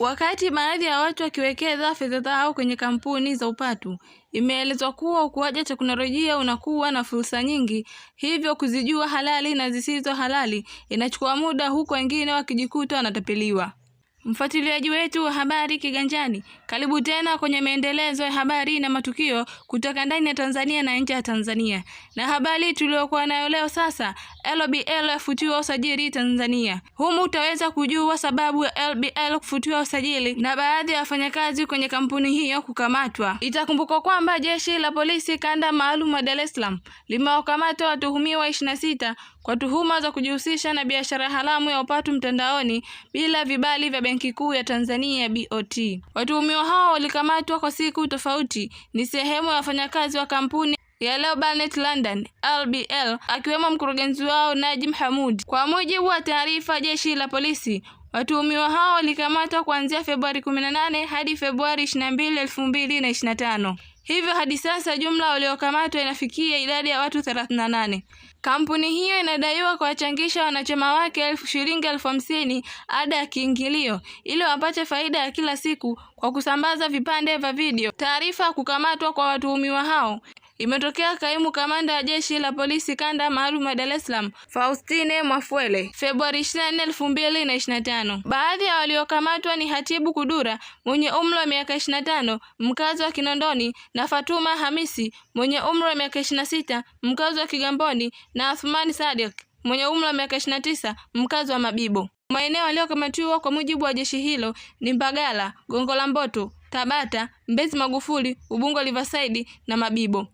Wakati baadhi ya watu wakiwekeza fedha zao kwenye kampuni za upatu, imeelezwa kuwa ukuaji wa teknolojia unakuwa na fursa nyingi, hivyo kuzijua halali na zisizo halali inachukua muda, huku wengine wakijikuta wanatapeliwa. Mfuatiliaji wetu wa Habari Kiganjani, karibu tena kwenye maendelezo ya habari na matukio kutoka ndani ya Tanzania na nje ya Tanzania. Na habari tuliyokuwa nayo leo sasa, LBL yafutiwa usajili Tanzania. Humu utaweza kujua sababu ya LBL kufutiwa usajili na baadhi ya wafanyakazi kwenye kampuni hiyo kukamatwa. Itakumbukwa kwamba jeshi la polisi kanda maalum wa Dar es Salaam limewakamata watuhumiwa 26 kwa tuhuma za kujihusisha na biashara haramu ya upatu mtandaoni bila vibali vya Benki Kuu ya Tanzania BOT. Watuhumiwa hao walikamatwa kwa siku tofauti, ni sehemu ya wafanyakazi wa kampuni ya Leo Barnet London LBL akiwemo mkurugenzi wao Najim Hamud. Kwa mujibu wa taarifa jeshi la polisi, watuhumiwa hao walikamatwa kuanzia Februari 18 hadi Februari 22, 2025. Hivyo hadi sasa jumla waliokamatwa inafikia idadi ya watu 38. Kampuni hiyo inadaiwa kuwachangisha wanachama wake elfu shilingi elfu hamsini ada ya kiingilio ili wapate faida ya kila siku kwa kusambaza vipande vya video, taarifa ya kukamatwa kwa watuhumiwa hao Imetokea kaimu kamanda wa jeshi la polisi kanda maalum ya Dar es Salaam Faustine Mwafwele Februari 24, 2025. Baadhi ya waliokamatwa ni Hatibu Kudura mwenye umri wa miaka 25 mkazi wa Kinondoni na Fatuma Hamisi mwenye umri wa miaka 26 mkazi wa Kigamboni na Athmani Sadiq mwenye umri wa miaka 29 mkazi wa Mabibo. Maeneo yaliyokamatiwa kwa mujibu wa jeshi hilo ni Mbagala, Gongo la Mboto, Tabata, Mbezi Magufuli, Ubungo Riverside na Mabibo.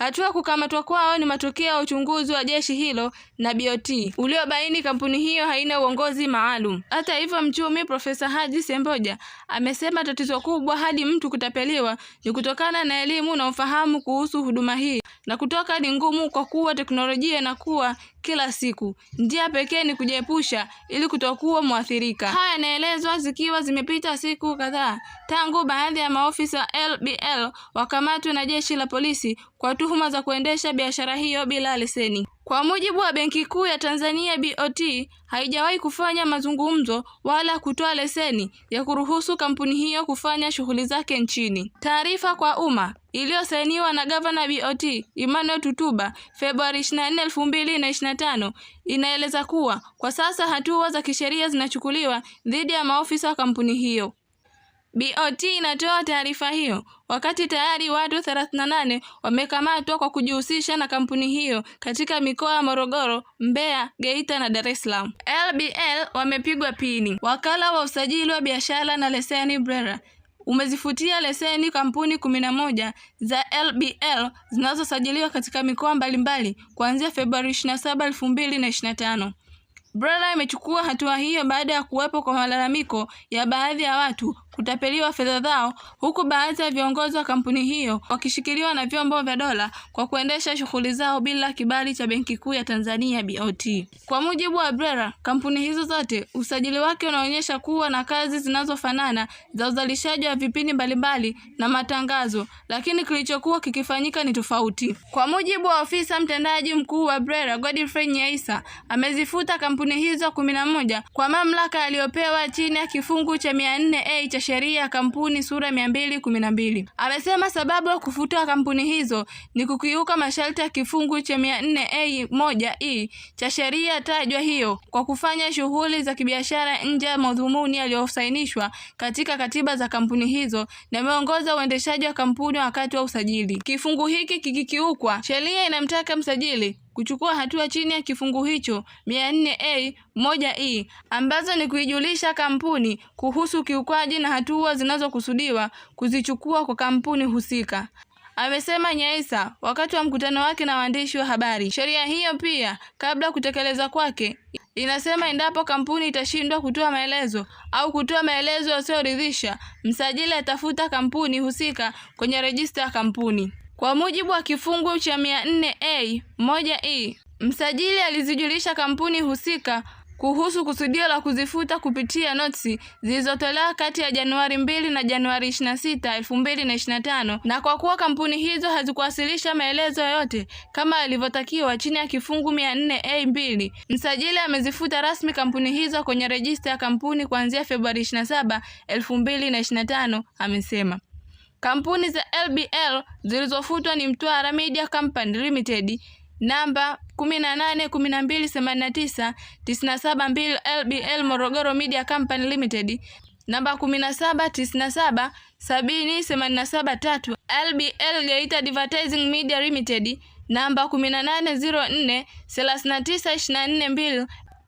Hatua ya kukamatwa kwao ni matokeo ya uchunguzi wa jeshi hilo na BOT uliobaini kampuni hiyo haina uongozi maalum. Hata hivyo, mchumi Profesa Haji Semboja amesema tatizo kubwa hadi mtu kutapeliwa ni kutokana na elimu na ufahamu kuhusu huduma hii, na kutoka ni ngumu kwa kuwa teknolojia inakuwa kila siku. Njia pekee ni kujiepusha ili kutokuwa mwathirika. Haya yanaelezwa zikiwa zimepita siku kadhaa tangu baadhi ya maofisa wa LBL wakamatwe na jeshi la polisi kwa tuhuma za kuendesha biashara hiyo bila leseni. Kwa mujibu wa Benki Kuu ya Tanzania BOT haijawahi kufanya mazungumzo wala kutoa leseni ya kuruhusu kampuni hiyo kufanya shughuli zake nchini. Taarifa kwa umma iliyosainiwa na Gavana BOT Emmanuel Tutuba Februari 24, 2025 inaeleza kuwa kwa sasa hatua za kisheria zinachukuliwa dhidi ya maofisa wa kampuni hiyo. BOT inatoa taarifa hiyo wakati tayari watu 38 wamekamatwa kwa kujihusisha na kampuni hiyo katika mikoa ya Morogoro, Mbeya, Geita na Dar es Salaam. LBL wamepigwa pini. Wakala wa usajili wa biashara na leseni BRELA umezifutia leseni kampuni kumi na moja za LBL zinazosajiliwa katika mikoa mbalimbali kuanzia Februari 27, 2025. BRELA imechukua hatua hiyo baada ya kuwepo kwa malalamiko ya baadhi ya watu kutapeliwa fedha zao, huku baadhi ya viongozi wa kampuni hiyo wakishikiliwa na vyombo vya dola kwa kuendesha shughuli zao bila kibali cha Benki Kuu ya Tanzania BOT. Kwa mujibu wa BRELA, kampuni hizo zote usajili wake unaonyesha kuwa na kazi zinazofanana za uzalishaji wa vipindi mbalimbali na matangazo, lakini kilichokuwa kikifanyika ni tofauti. Kwa mujibu wa ofisa mtendaji mkuu wa BRELA Godfrey Nyaisa, amezifuta kampuni hizo kumi na moja kwa mamlaka aliyopewa chini ya kifungu cha 400 a cha sheria ya kampuni sura mia mbili kumi na mbili. Amesema sababu ya kufutwa kampuni hizo ni kukiuka masharti ya kifungu cha mia nne a moja e cha sheria tajwa hiyo kwa kufanya shughuli za kibiashara nje ya madhumuni yaliyosainishwa katika katiba za kampuni hizo na imeongoza uendeshaji wa kampuni wakati wa usajili. Kifungu hiki kikikiukwa, sheria inamtaka msajili kuchukua hatua chini ya kifungu hicho 400 a 1e ambazo ni kuijulisha kampuni kuhusu kiukwaji na hatua zinazokusudiwa kuzichukua kwa kampuni husika. Amesema Nyaisa wakati wa mkutano wake na waandishi wa habari. Sheria hiyo pia, kabla kutekeleza kwake, inasema endapo kampuni itashindwa kutoa maelezo au kutoa maelezo yasiyoridhisha, msajili atafuta kampuni husika kwenye rejista ya kampuni. Kwa mujibu wa kifungu cha 400 a 1E, msajili alizijulisha kampuni husika kuhusu kusudio la kuzifuta kupitia notisi zilizotolewa kati ya Januari 2 na Januari 26, 2025 na kwa kuwa kampuni hizo hazikuwasilisha maelezo yoyote kama yalivyotakiwa chini ya kifungu 400 a 2 msajili amezifuta rasmi kampuni hizo kwenye rejista ya kampuni kuanzia Februari 27, 2025, amesema. Kampuni za LBL zilizofutwa ni Mtwara Media Company Limited namba 18128987972 LBL Morogoro Media Company Limited namba 17977070873 LBL Geita Advertising Media Limited namba 1804392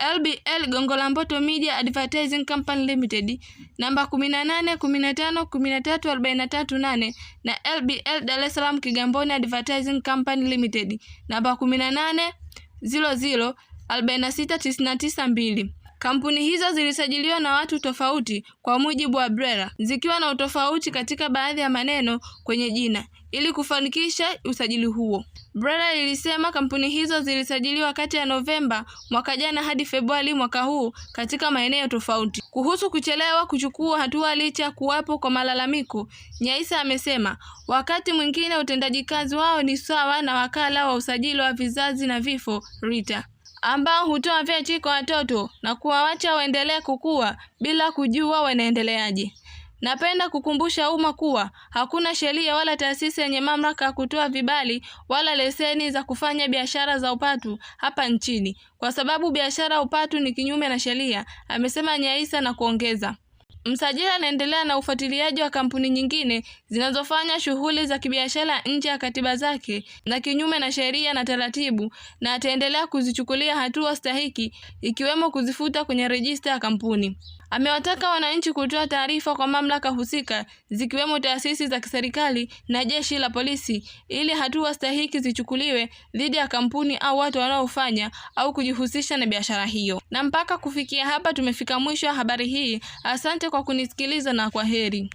LBL Gongo la Mboto Media Advertising Company Limited namba 18 na LBL Dar es Salaam Kigamboni Advertising Company Limited namba 18004699. 00 Kampuni hizo zilisajiliwa na watu tofauti kwa mujibu wa BRELA zikiwa na utofauti katika baadhi ya maneno kwenye jina ili kufanikisha usajili huo. Brada lilisema kampuni hizo zilisajiliwa kati ya Novemba mwaka jana hadi Februari mwaka huu katika maeneo tofauti. Kuhusu kuchelewa kuchukua hatua licha ya kuwapo kwa malalamiko, Nyaisa amesema wakati mwingine utendaji kazi wao ni sawa na wakala wa usajili wa vizazi na vifo RITA ambao hutoa vyeti kwa watoto na kuwawacha waendelee kukua bila kujua wanaendeleaje. Napenda kukumbusha umma kuwa hakuna sheria wala taasisi yenye mamlaka ya kutoa vibali wala leseni za kufanya biashara za upatu hapa nchini, kwa sababu biashara upatu ni kinyume na sheria, amesema Nyaisa na kuongeza Msajili anaendelea na ufuatiliaji wa kampuni nyingine zinazofanya shughuli za kibiashara nje ya katiba zake na kinyume na sheria na taratibu, na ataendelea kuzichukulia hatua stahiki ikiwemo kuzifuta kwenye rejista ya kampuni. Amewataka wananchi kutoa taarifa kwa mamlaka husika zikiwemo taasisi za kiserikali na jeshi la polisi ili hatua stahiki zichukuliwe dhidi ya kampuni au watu wanaofanya au kujihusisha na biashara hiyo. Na mpaka kufikia hapa tumefika mwisho wa habari hii. Asante kwa kunisikiliza na kwa heri.